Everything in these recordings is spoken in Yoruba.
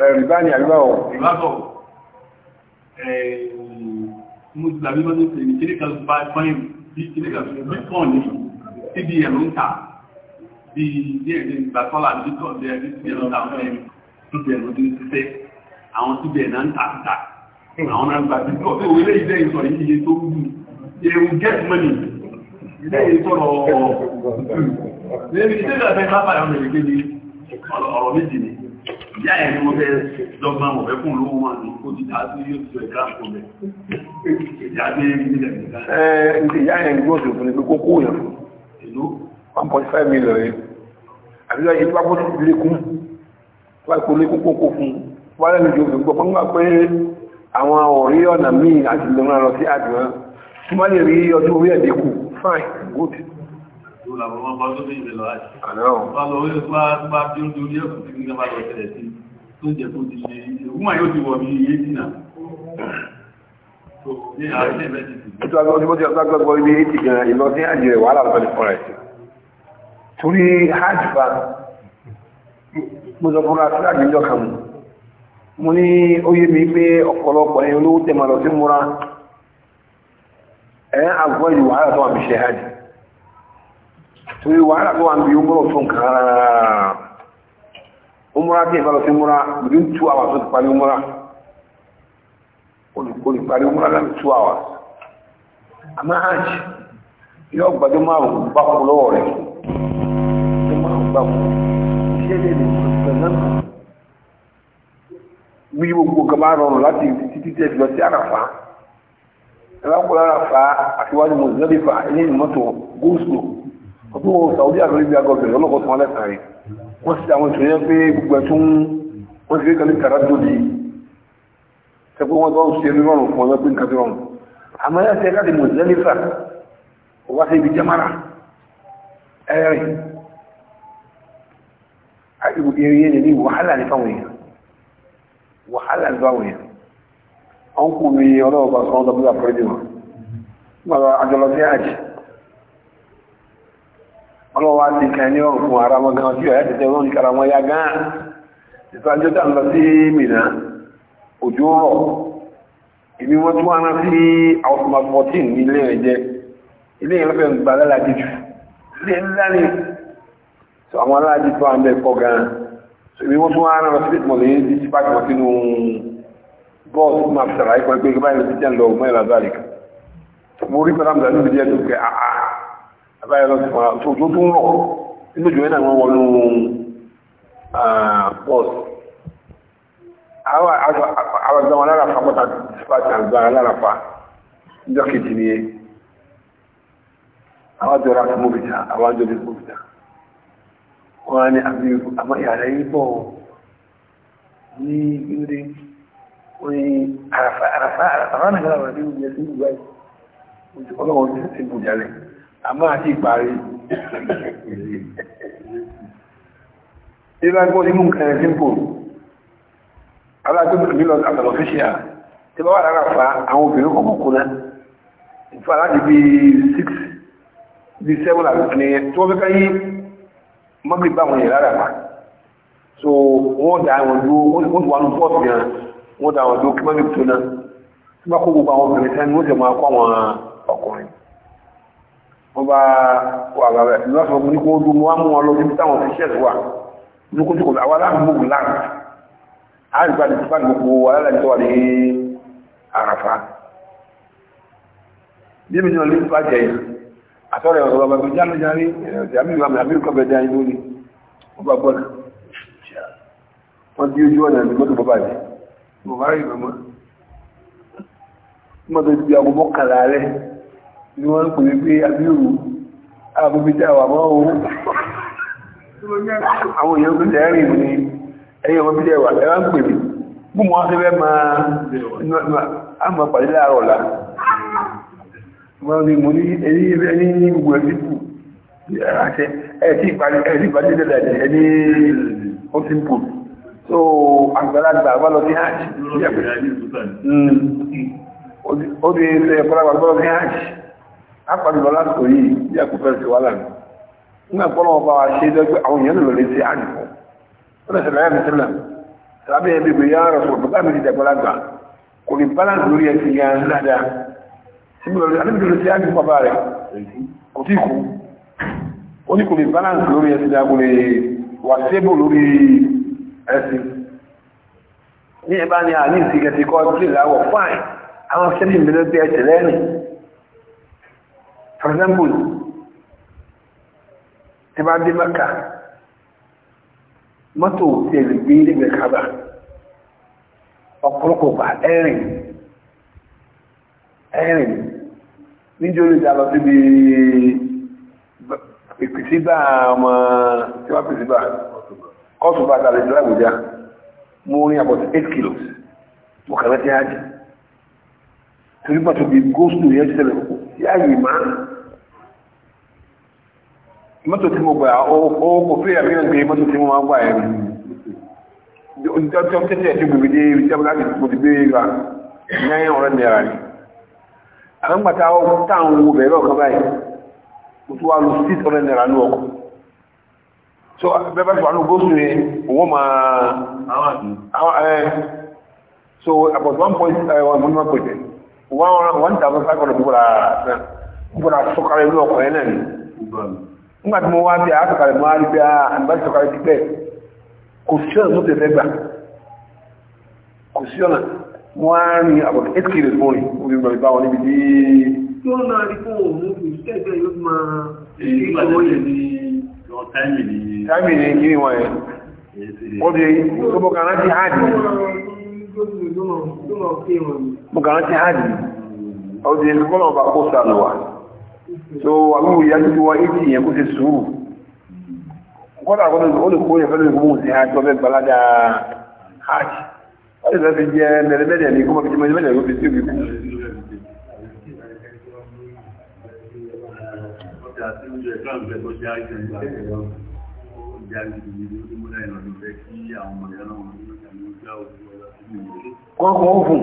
rìbá ni àríwá ọ̀. rìbá bọ̀ mo ti làbí mọ́tò ṣe ìkíní kan bá fọ́nì bí ìkíní kan bí pọ̀ ní cbn ń ta bí díẹ̀ ní ìgbà tọ́lá bí tọ́ bí ẹbí cbn ń ta fún ẹni cbn ń dín ṣiṣẹ́ àwọn cbn náà ń ta ta àwọn náà gbà bí tọ́ bí òwe lẹ́yìn lẹ́yìn sọ̀rọ̀ iye tó wù they will get money lẹ́yìn sọ̀rọ̀ lẹ́yìn ìṣẹ́jà fẹ́ bá bàyà ọ̀rọ̀ méjì ni ìyá ẹ̀ ni mo fẹ́ lọ́gbọ́n mọ̀ fẹ́ fún olówó wọn ní kó títà sí yóò tó ẹ̀ká ọ̀pọ̀lẹ̀ ìyá ẹ̀ ń gbọ́sùn fún ní pé kókó yẹn fún ìlú 1.5 million rẹ̀ àbíyá yìí sí àdìrán tí wọ́n lè rí yóò làwọn ọmọ bá lórí ìrẹ̀lọ àti. bá lọ wọlé bá bá bí ó dorí ẹ̀kú sí nígbà bá lọ tẹ̀lẹ̀ sí tó jẹ́ kó ti ṣe ìwúmọ̀ yóò ti wọ̀ mí iye dínà. ètò àgbà ọdún bó ti àgbà gbọ́ ilé ètì gan ìlọ sí àjẹ rẹ̀ wàhálà lọ́dún fún rẹ̀ torí hajj bá mo sọ fún ra sí àjẹjọ kan mo ní ó yé mi pé ọ̀pọ̀lọpọ̀ ẹ̀yin olówó tẹ̀ lọ sí múra ẹ̀ avoid wàhálà tó wà fi ṣe hajj torí wàhálà tó wà ń bí umrọ̀ fún kàrà umrọ̀ tí ìbára sí umrọ̀ within two hours ó ti parí umrọ̀ olùparí umrọ̀ láti two hours àmá hajj yóò gbàdó márùn-ún bá kú lọ́wọ́ rẹ̀ tó márùn-ún bá kú iṣẹ́ lè lè pẹ̀lú bí gbogbo gaba rọrùn láti títí tẹ̀ lọ sí àràfà ẹ̀rọ àpò àràfà àti wájú ọdún wọn Saudi Arabia gọ́ọ̀bẹ̀rẹ̀ ọlọ́kọ̀ tó wọn lẹ́sàn rí wọ́n sì àwọn ìṣòro yẹn pé gbogbo ẹ̀tún wọ́n sì rí kan ní kàrá tó di tẹ́gbọ́n wọn tó ń ṣe rírọ̀rùn fún ọlọ́pìn nǹkan tó rọrùn àmọ́ ẹ̀ ṣe láti mọ̀sílẹ́lẹ́fà wá sí ibi jẹ́mára ẹ̀rìn ìrìn yẹn ní wàhálà ní fáwọn èèyàn wàhálà ní fáwọn èèyàn ọ̀nkù mi ọlọ́ọ̀bà sọ́ọ́dọ̀ bí wà pẹ́lú wọn ọlọ́wọ́ wá ti kàn ní ọ̀rùn ara wọn gan ojú ẹ̀ tẹ̀tẹ̀ wọn kára wọn ya gan ìtọ́jú tá ń lọ sí mìíràn òjò rọ̀ ìbí wọ́n tún wá sí ọ̀sùnmọ̀ 14 ní ilé rẹ̀ jẹ́ ilé yẹn fẹ́ gbà lálàájì jù so ìbí wọ́n tún wá rán lọ sí ìtìmọ̀lẹ̀ yìí sí pàtàkì wọn sínú bọ́ọ̀sì tó máa fi sàlàyé pẹ̀lú pé gbáyìí lọ sí àbáyọ̀ lọ́sí fún àwọn òjò tó ń rọ̀ nínú ìjọ náà wọ́n wọnú pọ́ọ̀sì àwọn àgbà wọn lára fa pọ́tà sípàtì àgbà lára fa ìjọ kejì ni àwọn àjọ ra fún mọ́bìtà àwọn àjọ ní mọ́bìtà wọ́n á ní àbí àmọ́ ìyàrá yìí bọ̀ ní ìgbìndé wọ́n ní àràfà àràfà àràfà náà gbọ́dọ̀ wọ́n ní ìgbìyànjú ìgbà yìí ọlọ́wọ́n ti ti bù jálẹ̀ àmọ́ àti ìparí ìbá gbọ́ nínú nǹkan ẹ̀sìn kò alágbé mílọ àtàlọ́ fíṣíà tí bá wà lára fa àwọn obìnrin kọ̀kọ́ kó náà ìfà láti bí 6 bí 7 àti ní tí wọ́n fẹ́ká yí mọ́gbì bá wọn yẹ̀ lára pa so wọ́n dá àwọn dúó wọ́n ti wà ní pọ́ọ̀tù yẹn wọ́n dá àwọn dúó kí mọ́gbì tó náà tí bá kó gbogbo àwọn obìnrin sẹ́ni wọ́n jẹ̀ máa kọ́ àwọn ọkùnrin wọ́n bá wà bàbá ẹ̀ lọ́wọ́ fún ní kó o dùn wọ́n mú wọn lọ níbi táwọn fi ṣẹ́ẹ̀sì wà ní kó tí kò àwọn aláàbò láàrín àrígbà ní tí fáàlì gbogbo aláàrín tó wà ní àràfà níbi ní ọlọ́lẹ́ bá jẹ́ àtọ́rẹ̀ ọ̀rọ̀ bàbá gbé jáde jáde ẹ̀rẹ̀ àmì ìwà àmì ìkọ́ bẹ̀ẹ́ jáde lórí wọ́n bá gbọ́dọ̀ wọ́n di ojú ọ̀nà ìgbọ́dọ̀ bàbá jẹ́ mo bá rí ìgbàmọ́ ni wọ́n pè pé abíòrò àbúbítà wà mọ́ ohun àwọn èèyàn tó jẹ́ rìn ní ẹ̀yìn ọmọ bílẹ̀ wà ẹwà ń pè mí mú mọ́ sí fẹ́ máa àmà pàdé láàrọ̀ lá wọ́n rí mo ní ẹni ẹgbẹ́ ní gbogbo ẹ̀sìnkú àṣẹ ẹ̀sì ìpàdé dẹ̀dẹ̀ ẹni ọ̀sìnkú so àgbàlagbà bá lọ hajj hmm. ó di ẹ̀sẹ̀ ìpàdé bá hajj apàdùlọ lásìkò yìí bí ẹkùn fẹ́ sí wàhálà nù nígbà pọ́nà ọba wa ṣe dẹ́gbẹ́ àwọn èèyàn lò lè ṣe àjùkọ́ ó lè ṣẹlẹ̀ ayàmì sílẹ̀ tàbí ẹbí gbé yára rẹ̀ sọ̀rọ̀ bàbá mi ti dẹ̀gbẹ́ lágbà kò ní balance lórí ẹsẹ̀ yẹn dáadáa síbi lọ́dún àti ìdúró sí àjùkọ́ bá rẹ̀ kò tí kú ó ní kò ní balance lórí ẹsẹ̀ dáadáa kò wà stable lórí ẹsẹ̀ ní ẹ bá ní àní ìsìnkẹsì kọ́ ẹ for example tí bá dé mẹ́ka mọ́tò tí ẹ̀lẹ̀ gbé nígbẹ̀ kábà ọ̀pọ̀lọpọ̀ gbà ẹ̀rìn ẹ̀rìn níjọ́ lè dá lọ síbi ìpìsígbà ọmọ tí wọ́n pìsígbà kọ́ọ̀tù bá dàlẹ̀ ìjọba Àbújá mo rin about 8 kilos mo kàrẹ́ tí a jì torí pàtó bí góòsù yẹn ṣẹlẹ̀ yáyì máa mọ́tò tí mo gbà ó kò fí ẹ̀mí ọ̀gbẹ̀ mọ́tò tí mo máa gbà ẹ̀rù ìjọ́jọ́ tẹ́tẹ́ tí gbogbo dé ibi jẹ́mọ́ láti mo ti gbé ra lẹ́yìn ọ̀rẹ́ nìyàrá ni àwọn gbàtà táwọn owó bẹ̀rẹ̀ ọ̀kan báyìí mo tún wá lu six ọ̀rẹ́ nìyàrá ní ọkọ̀ so bẹ́ẹ̀ bá ti wà ní gbóṣù yẹn owó máa so about one point one million point one thousand five hundred gbogbo nígbà tí mo wá bí àkàkàrẹ̀ mọ́ àrígbé àmìbájú sọ̀kàrẹ̀ ti pẹ́ kò sí ọ̀nà tó tẹ̀lé gbà kò sí ọ̀nà mo á rìn 8 kìlò mọ́ orí ìgbà ìbá níbi tí tí ó òun kò sí yóò máa so àbúrò ìyá tó ti wọ eighty yẹn kó ṣe sùúrù kọ́dà kọ́dà ó lè kó yẹn fẹ́ lórí gbogbo òsì hàn tó fẹ́ gbalada hajj ó lè fẹ́ fi jẹ mẹ̀rẹ̀mẹ̀rẹ̀ ní kọ́mọ́ fi jẹ mẹ̀rẹ̀mẹ̀rẹ̀ ló fi sí òbí kú. kọ́kọ́ ó fún.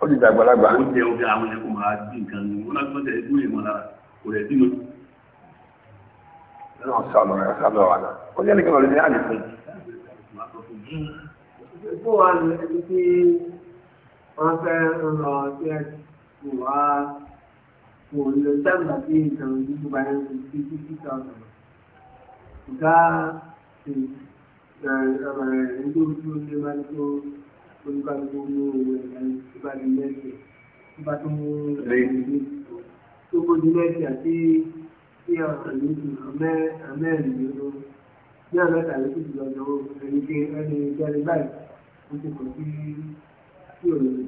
ó ti dàgbàlagbà. ó jẹ obi àwọn ẹ̀kọ́ máa dín nǹkan ní wọn láti mọ́tẹ̀ ẹgbẹ́ ìmọ̀ lára kò rẹ̀ dínú. náà sàlọ rẹ sàlọ wà náà ó jẹ́ nìkan lórí ní àlè fún. ẹgbẹ́ wa ni ẹni tí wọ́n fẹ́ ń lọ sí ẹ̀sìn wá kò lè sábà sí nǹkan dúdú báyìí oníkàlùkù ní owó ẹ̀yàn tó bá di mẹ́sì tó bá tó mú ẹ̀yìn ní tó bó di mẹ́sì àti tí ọ̀sán ní àmẹ́rin ní ọdún ní àmẹ́ta ló ti jùlọ jọ ẹni tí ẹni jẹrin báyìí ó ti kọ̀ sí di èmi.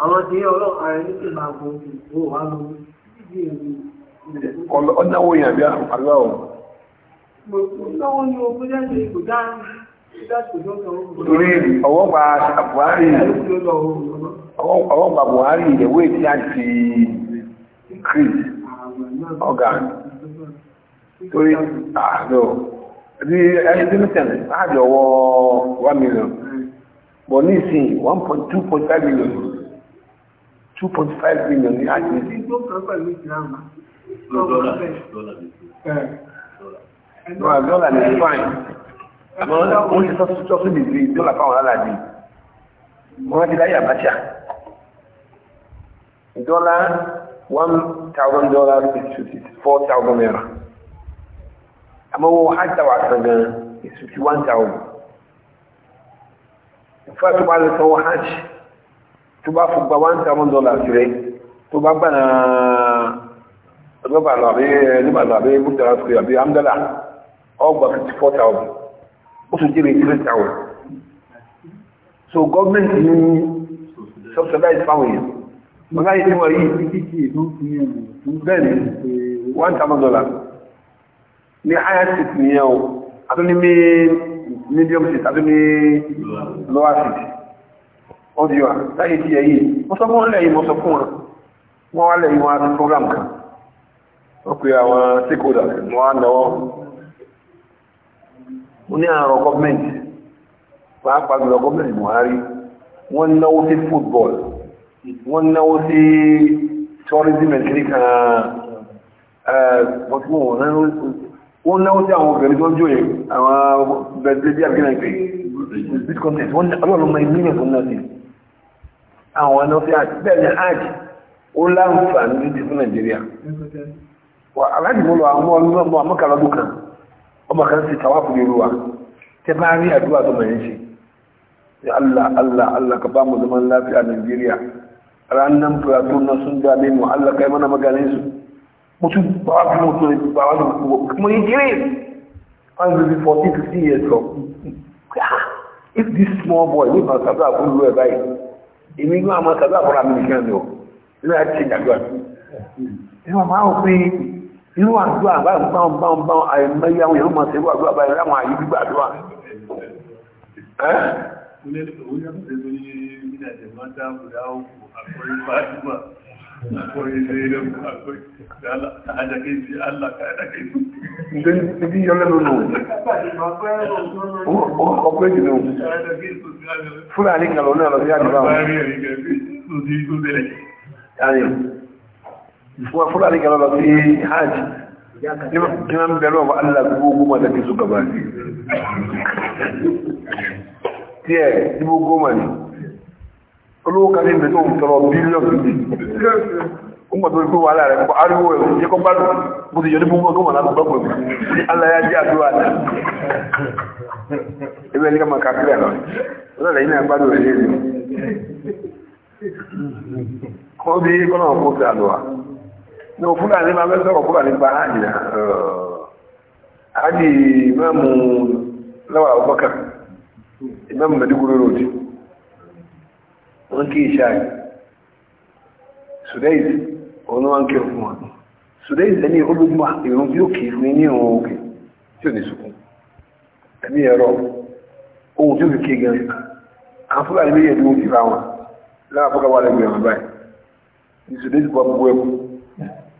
àrùn àgbà ọ̀. mo náwó ni o kó jáde kò dáa torí ọwọ́ gba Buhari ọwọ́ gba Buhari ìyẹ̀wé tí a ti Chris Organ torí àjọ rí ẹni tí mítẹ̀lẹ̀ láàjọ ọwọ́ 1 million bọ̀ ní ìsìn 1.2.5 million 2.5 million ní àjọ ìsìn dọ́là ní fine wọ́n ti sọ́sọ́ sí nìdí dọ́là fáwọn aláàdì wọ́n ti láyé àbáṣà dọ́là one thousand dollars is fifty four thousand naira àmọ́ wọ́n hajj wà sàn is one thousand ìfẹ́ tó bá lè sanwó hajj tó bá fún gba one thousand dollars rẹ tó bá gbà náà ọgbà lọ àbí ẹni bàlọ àbí mùtàlá sọ̀rọ̀ àbí amdala ọgbà fifty four thousand ó tún jẹ́ ìrètí àwọn so government ní subsidize fáwọn èèyàn wọ́n láyé tí wọ́n yìí bẹ́ẹ̀ni one thousand dollar ní higher seat nìyẹn o àti ní medium seat àti ní lower seat wọ́n ti wà láyé tí ẹ̀ yìí wọ́n sọ fún ọlẹ́ yìí wọ́n sọ fún wọn wọ́n wá lẹ́yìn wọn program kan wọ́n pe àwọn stakeholders wọ́n á náwó mo ní àrùn gọ́ọ̀mẹ̀ntì pàápàá jùlọ gọ́ọ̀mẹ̀ntì Buhari wọ́n náwó sí football wọ́n náwó sí tourism and clinic uh, uh, wọ́n náwó sí àwọn obìnrin tó ń jòyè àwọn bẹ̀rẹ̀ bí àgbẹ̀nà ìpè bitcoin wọ́n ní ọlọ́run máa ń mílíọ̀nù fún náà sí àwọn ẹ̀nà sí àti bẹ́ẹ̀ ni hajj ó láǹfààní títí fún Nàìjíríà aláàjì mo lọ àwọn ọmọ ọmọ àmọ́kàlọ́dún ọmọ kan sì tàwa kò lè ru wa tẹ bá rí àdúrà tó mọ̀ yẹn ṣe ya Allah Allah Allah ka ba mu zaman lafiya Najeriya ranar furatun na sun dame mu Allah kai mana maganin su mutum ba wa kuma mutum ba wa kuma yi kire an zubi 14 15 years ago if this small boy ní ma sábà kúrú ẹ̀ báyìí èmi ní ma sábà kúrú àmì nìkan ni ó ní àti ìdàgbà ẹ̀ wọ́n máa ń pín inú àdúrà báyìí báwọn báwọn báwọn àìmẹ́yà àwọn èèyàn máa ṣe wà àdúrà báyìí láwọn àyè gbígbà àdúrà Ibi yọ lẹ́nu nù. Ọ̀pẹ́ jù nù. Fúlàní kàlọ́ náà lọ sí àdúrà. Ààrẹ kuma fulani gaba ba su yi haji kinan bẹ̀rẹ̀ wa Allah dubu goma da ke suka ba su tiẹ̀ dubu goma ne olókàtí bẹ̀ tó ń tọrọ bílíọ̀n kuma tó ikú wàhálà rẹ̀ kọ ariwo ẹ̀ jẹ́ kọ́ bá lù mo ti yọ ní gbogbo goma láti gbọ́gbọ̀ ní Allah ya jẹ́ àdúrà náà ebe ní ká máa kàkiri àlọ́ ọlọ́dẹ̀ yìí náà gbádùn rẹ̀ lé ní fúlàní máa fẹ́ sọ̀rọ̀ fúlàní gba áàjì náà áàjì ìmáàmù lọ́wọ́ àwọ́bọ́kà ìmáàmù mẹ́dígúrú ròdì wọ́n kí ìṣáàyì sùdẹ́ìsì òun wọ́n kí ọkùn wọn sùdẹ́ìsì ẹni olójúmọ́ ìrùn bí òkè fún ní ìrùn òkè tí ò ní sùkún ẹ̀mí ẹ̀rọ ohun tí ó fi ké gan àwọn fúlàní méjèèjì wọ́n ti ra wọn láwọn àpọ́kà wà lẹ́gbẹ̀ẹ́ wọn báyìí ìsùdẹ́ìsì bọ́ gbogbo ẹkùn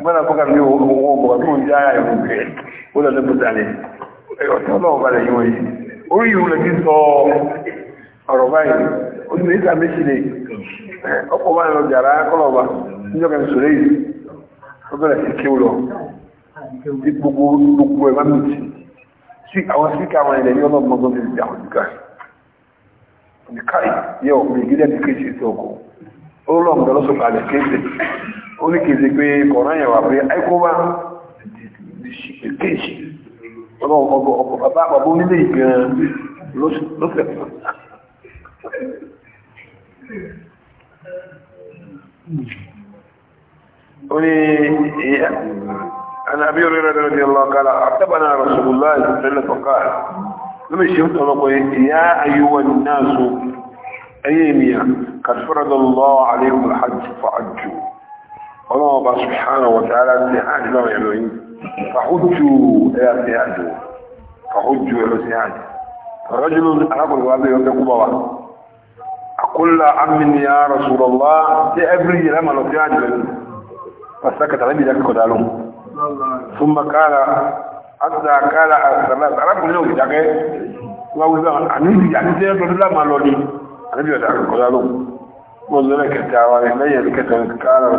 mana ko ka mi wo wo ko mi ja ya yo be o la le butale e o to lo ba le yo yi o yi o le ki so ọ̀rọ̀ báyìí o ni ta me si le o ko ba lo jara ko lo ba njo kan sure yi o bẹ̀rẹ̀ sí ki lo ti gbogbo gbogbo e ba mi ti si àwọn si ka wa ile ni olo mo mi ja o ka ni kai yo mi gida ni ke si to ko o lo mo lo so ka le ke se ó ní kìí sí pé kọ̀ọ̀rán yẹ̀wà pé àìkówá kéèṣì ọ̀pọ̀ bàbá àpapọ̀ onílé ìgbẹ̀rẹ̀ lọ́sẹ̀ fún ó ní أنا أبي هريرة رضي الله قال عتبنا رسول الله صلى الله عليه وسلم فقال لما شفت يا أيها الناس أيامي قد فرض الله عليكم الحج فعجوا ọlọ́wọ́ bá subhanahu wa ta'ala ti hajj lọ́wọ́ ẹ̀lọ́ yìí fàhójú ẹ̀yà ti hajj o fàhójú ẹ̀lọ́ ti hajj rọ́jùlù arákùnrin wa bẹ́ẹ̀ ọ̀tẹ́kù bá wa akúlà amini ya rasulallah tí ẹbí yìí lámà lọ sí hajj lẹ́nu pàṣẹkà tàbí ìjà kíkọ̀ dálóhùn súnmọ́ kára àtà kára kẹta wa lẹ́yìn kẹta kára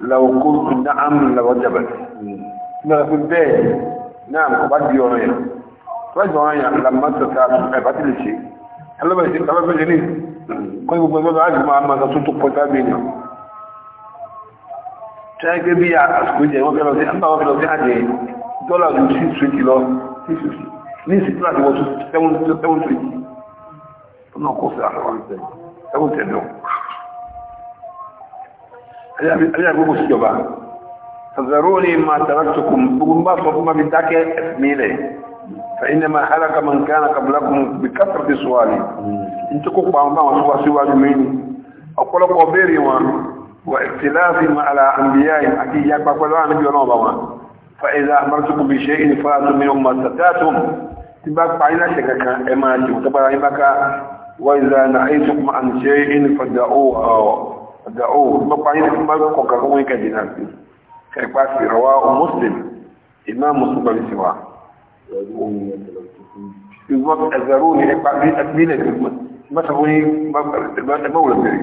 لو قلت نعم لوجبت ما يقول بيه نعم قبض يومين فجوا يا لما تتعب قبض الشيء هل بس هل بس جنيه كل يوم بعد ما ما تصوت قتابين تاجي بيا اسكوجي ما بيلو زي انت ما بيلو زي حاجه دولار 6 كيلو 6 ni si plat wo tu tewon tewon tu no ko sa wa tewon tewon alágbogbo síjọba فذروني ما تركتكم بما صفما بدك اسميله فإنما حلق من كان قبلكم بكثرة سوالي انتكو قام ما سوا سوا مني أقول لكم بيري وان واختلافهم على أنبيائهم أكيد يكبر قلوا أن يجوا وان فإذا أمرتكم بشيء فاتوا منهم ما استطعتم تبقى بعينا شككا إما تبقى وإذا نعيتكم عن شيء فدعوه ọ̀gá ó oh, mọ́pá yìí tí bá kọ̀ kankan wọ́n kẹ́ jìnà sí kẹ́pá sí rọwá muslim ni ẹ̀pá bí ẹ̀bílẹ̀ bá sọ fún yín ẹgbẹ́ wùlọ bèrè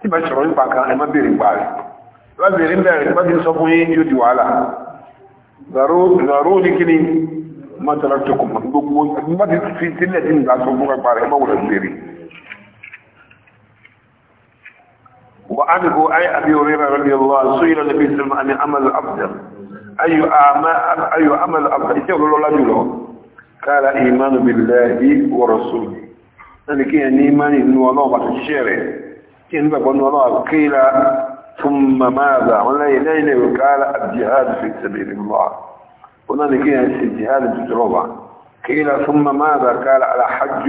tí bá sọ̀rọ̀ nípa kan ẹ̀má bèrè gbà rẹ̀ bá bèrè ń bẹ̀rẹ̀ bá ti sọ ni kíni mọ́tàlá tó kùmọ̀ gbogbo bá ti fi sílẹ̀ tí ń gbà sọ fún ẹgbà rẹ̀ وعنه أي أبي هريرة رضي الله سئل النبي صلى الله عليه وسلم عن عمل أفضل أي أعمال أي عمل أفضل يقول الله قال إيمان بالله ورسوله أنا يعني كي يعني إيمان إنه والله بعد الشارع كي نبقى يعني أن والله قيل ثم ماذا ولا إلينا قال الجهاد في سبيل الله هنا كي الجهاد في الربع قيل ثم ماذا قال الحج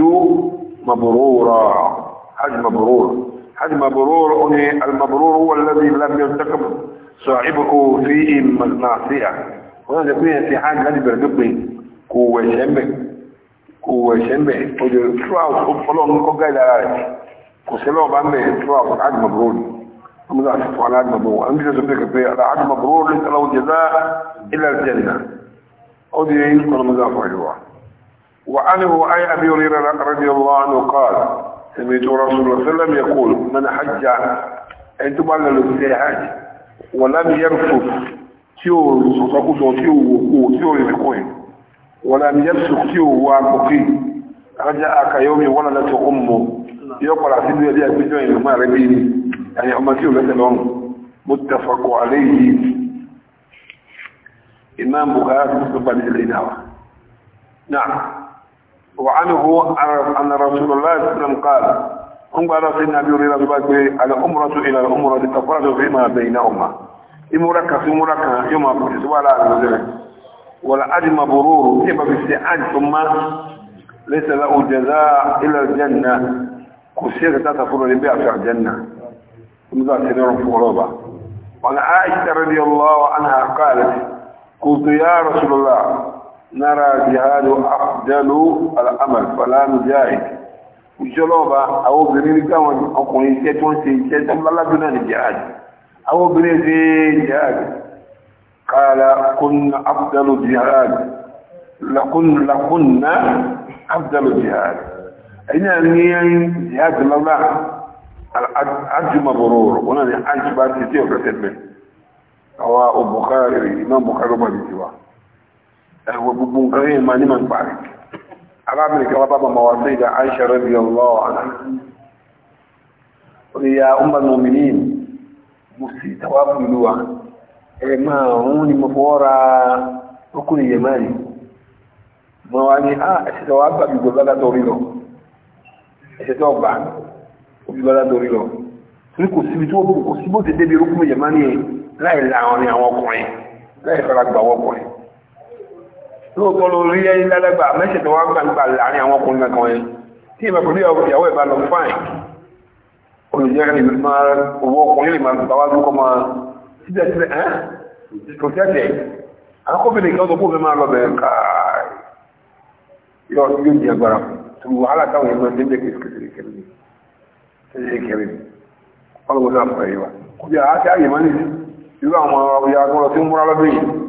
مبرورا حج مبرور حد مبرور المبرور هو الذي لم يرتكب صاحبه فيه معصية وانا نبين في حاجة هذه بردقني قوة شمبه قوة شمبه قوة شمبه قلون نكو قايد على رأيك قسلوا بأمه شراوس عد مبرور أمي ذا شفوا على عد مبرور أنا مش أصدقك في عد مبرور لك لو جزاء إلى الجنة أودي يقول إيه؟ مزافع جواه وعنه أي أبي هريرة رضي الله عنه قال سمعت رسول الله صلى الله عليه وسلم يقول من حج أنت بقى له في حج ولم يرفض تيو سوساكوسو تيو وكو تيو يفكوين ولم يفسق تيو وعقوقي رجع كيومي ولا أمه يقول عسيدي يا أبيجوين لما ربي يعني أمتي ولد الأم متفق عليه إمام بخاري مسلم بن الإناوة نعم وعنه أن رسول الله صلى الله عليه وسلم قال أمبارا سيدنا أبي هريرة بقى على أمرة إلى الأمرة تفرد فيما بينهما إمركة في مركة يوم أبوكس ولا أبوكس ولا أجم برور كيف بالسعاد ثم ليس له جزاء إلى الجنة كسيرة تتفرد بها في الجنة ثم ذا سنير في غربة وعن عائشة رضي الله عنها قالت قلت يا رسول الله نرى جهاد أفضل العمل فلا نجاهد ìṣọ́lọ́ọ̀bá àwọn obìnrin ní káwọn ọkùnrin iṣẹ́ tó ń ṣe iṣẹ́ tó lálàdúnà ní jihad àwọn obìnrin ṣe jihad kààlà kúnnà afdalu jihad lakúnnà afdalu jihad ẹ̀yìn ní ẹ̀yìn jihad lọ́lá aljumaboro wọn ni aljubá ti tí ọ̀pẹ̀ ẹ̀wọ̀ gbogbo nǹkan yìí ma ní ma ń parí arábìnrin kan wá bá bàmà wá sí ìdá Aisha radiyallahu anha ó ní ya ummul mu'minin mo sì tàwa fún ìlú wa ẹ máa ń ní mo fọwọ́ ah, kò síbi tí kò síbò ti débi okùnrin yẹn ní láì àwọn ọkùnrin láì fara lóòótọ́ ló rí ẹyin lálágbà mẹ́sẹ̀ tó wá gbà nípa láàrin àwọn ọkùnrin kankan yẹn tí ìbá pẹ̀lú ìyàwó ìbá lọ fáìn olùjẹ́ ní máa owó ọkùnrin lè máa gbà wá lókọ́ máa síbẹ̀ síbẹ̀ ẹ́ tó tẹ́tẹ̀ àkọ́bìnrin kan tó kó fẹ́ máa lọ bẹ̀rẹ̀ káàì yọ yóò di agbára tó wàhálà táwọn ẹgbẹ́ tó ń jẹ́ kìrìkìrì kẹrì ọlọ́wọ́ náà fọ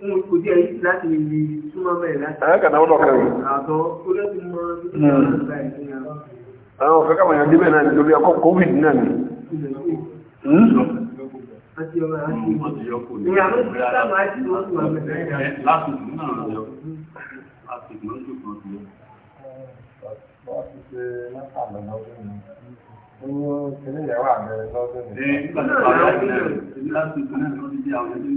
kò díẹ̀ yìí láti lè súnmọ́ bẹ̀rẹ̀ láti. àwọn kàdà wọn lọ́kàn yìí. àtọ́ kó lẹ́sìn mọ́ àwọn ọ̀fẹ́ kàwọn èèyàn débẹ̀ náà nítorí akọ́ covid náà ni. Hmm? Eh, ní ìgbàlódé àwọn ẹgbẹ̀rẹ̀ lọ́dún ní.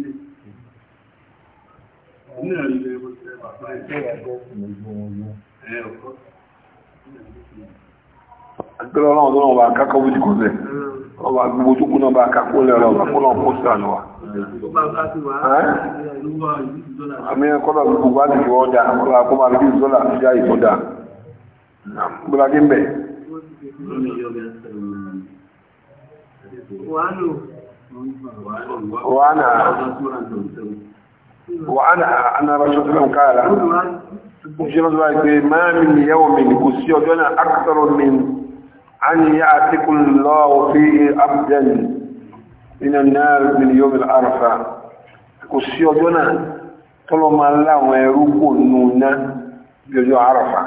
Akẹ́lọ́ ọlọ́run tó náà bá kákọ́ bó ti kó lẹ̀. gbogbo tó kún náà bá kákọ́ lẹ̀ ọlọ́run kó náà kó sàn wà. Àmì ẹ̀kọ́lọ̀ gbogbo bá ti fi wọ́n dá, ọlọ́run kó máa fi ìzọ́là já ìfọ́ dá. Gbọ́dá وأنا أنا رسول الله قال ما من يوم كسي وجنا أكثر من أن يأتيك الله فيه عبدا من النار من يوم العرفة كسي وجنا طالما الله ويروق النونا يوم عرفة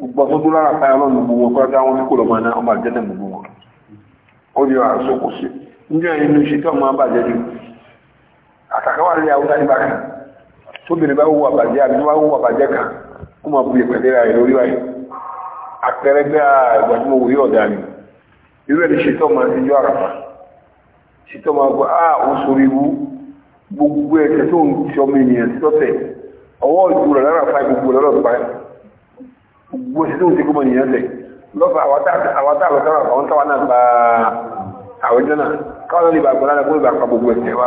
وبصدوا لنا فعلون بوه فردعون كل ما نعمل جنة بوه قل يا عرسو كسي نجا إنه شيطان ما بعد ذلك àtàkàwà ní àwúsá ní bákan tóbìnrin bá wúwà bàjẹ́ àbí wá wúwà bàjẹ́ kan kó máa bu ìpẹ̀lẹ́ rẹ̀ lórí wáyé àpẹẹrẹgbẹ́ àgbàjúmọ̀ wòye ọ̀dà ni irú ẹni ṣetọ́ máa ti jọ àràpà ṣetọ́ máa gbọ́ á ó sórí wú gbogbo ẹ̀ṣẹ̀ tó ń ti ọmọ ènìyàn ti tọ́tẹ̀ ọwọ́ ìlú rẹ̀ lára fa gbogbo lọ́rọ̀ pa gbogbo ẹ̀ṣẹ̀ tó ń ti kọ́mọ ènìyàn tẹ̀ lọ́fà àwọn tá àlọ́ sára àwọn táwa náà gba àwẹ̀jọ́ náà káwọn lè bàgbọ́ lára kó lè bàgbà gbogbo ẹ̀ṣẹ̀ wa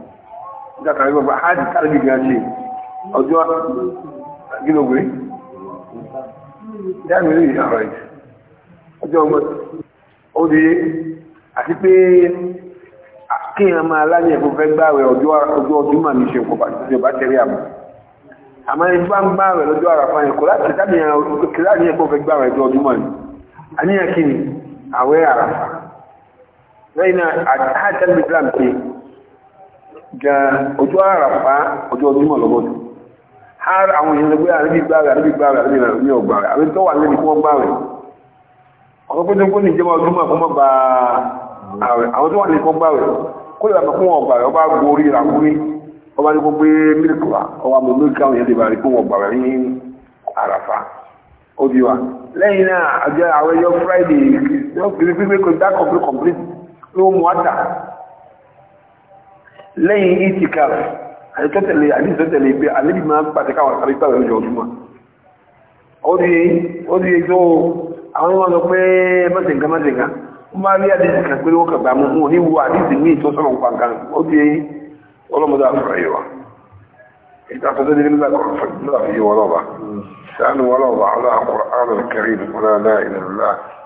ìjàkà ìgbà bá hajj kárìgì gan ṣe ọjọ́ gílógbé dáìmìlì ìyàrá ọjọ́ ọmọ ó di àti pé kí n máa láyé ẹ̀kọ́ fẹ́ gbáwẹ̀ ọjọ́ ọdún mà ní ṣe kò bá tẹ̀lé àmọ́ àmọ́ ẹni bá ń gbáwẹ̀ lọ́jọ́ àràfà ẹ̀kọ́ láti tàbí ẹ̀kọ́ fẹ́ gbáwẹ̀ ọjọ́ ọdún mà ní àníyàn kí ni àwẹ̀ àràfà lẹ́yìn náà àtàtàlì islam ṣe gan ọjọ́ àràpá ọjọ́ ọdúnmọ̀ lọ́gbọ́dún àwọn èèyàn lọ́gbẹ́ àríbí gbáàrẹ̀ àríbí gbáàrẹ̀ àríbí gbáàrẹ̀ àríbí ọgbàrẹ̀ àwọn tó wà lẹ́ni kí wọ́n gbáàrẹ̀ ọ̀pọ̀pọ̀tẹ́ kó ní ìjẹmọ́ ọdúnmọ̀ fún mọ́gbà ààrẹ àwọn tó wà lẹ́ni kọ́ gbáàrẹ̀ kó lè lọ fún ọgbàrẹ̀ ọba gorí ràkúrí ọba ní kó gbé mílìkì wa ọba mọ̀ mílìkì àwọn èèyàn lè bàrẹ̀ fún ọgbàrẹ̀ ní àràfà ó di wa lẹ́yìn náà àjẹ́ àwọn ẹyọ Friday yọ kìrìkìrì kò dákọ̀ lẹ́yìn itikaf àdìsọ́tẹ̀lẹ̀ àdìsọ́tẹ̀lẹ̀ pé àlébì máa ń pàtẹ káwọn àrígbà rẹ̀ lójọ ojúmọ́ ó di ètò àwọn ọmọ pé mọ́sẹ̀ǹkà mọ́sẹ̀ǹkà ó máa rí àdìsì pé wọ́n kàgbà mú ní wo di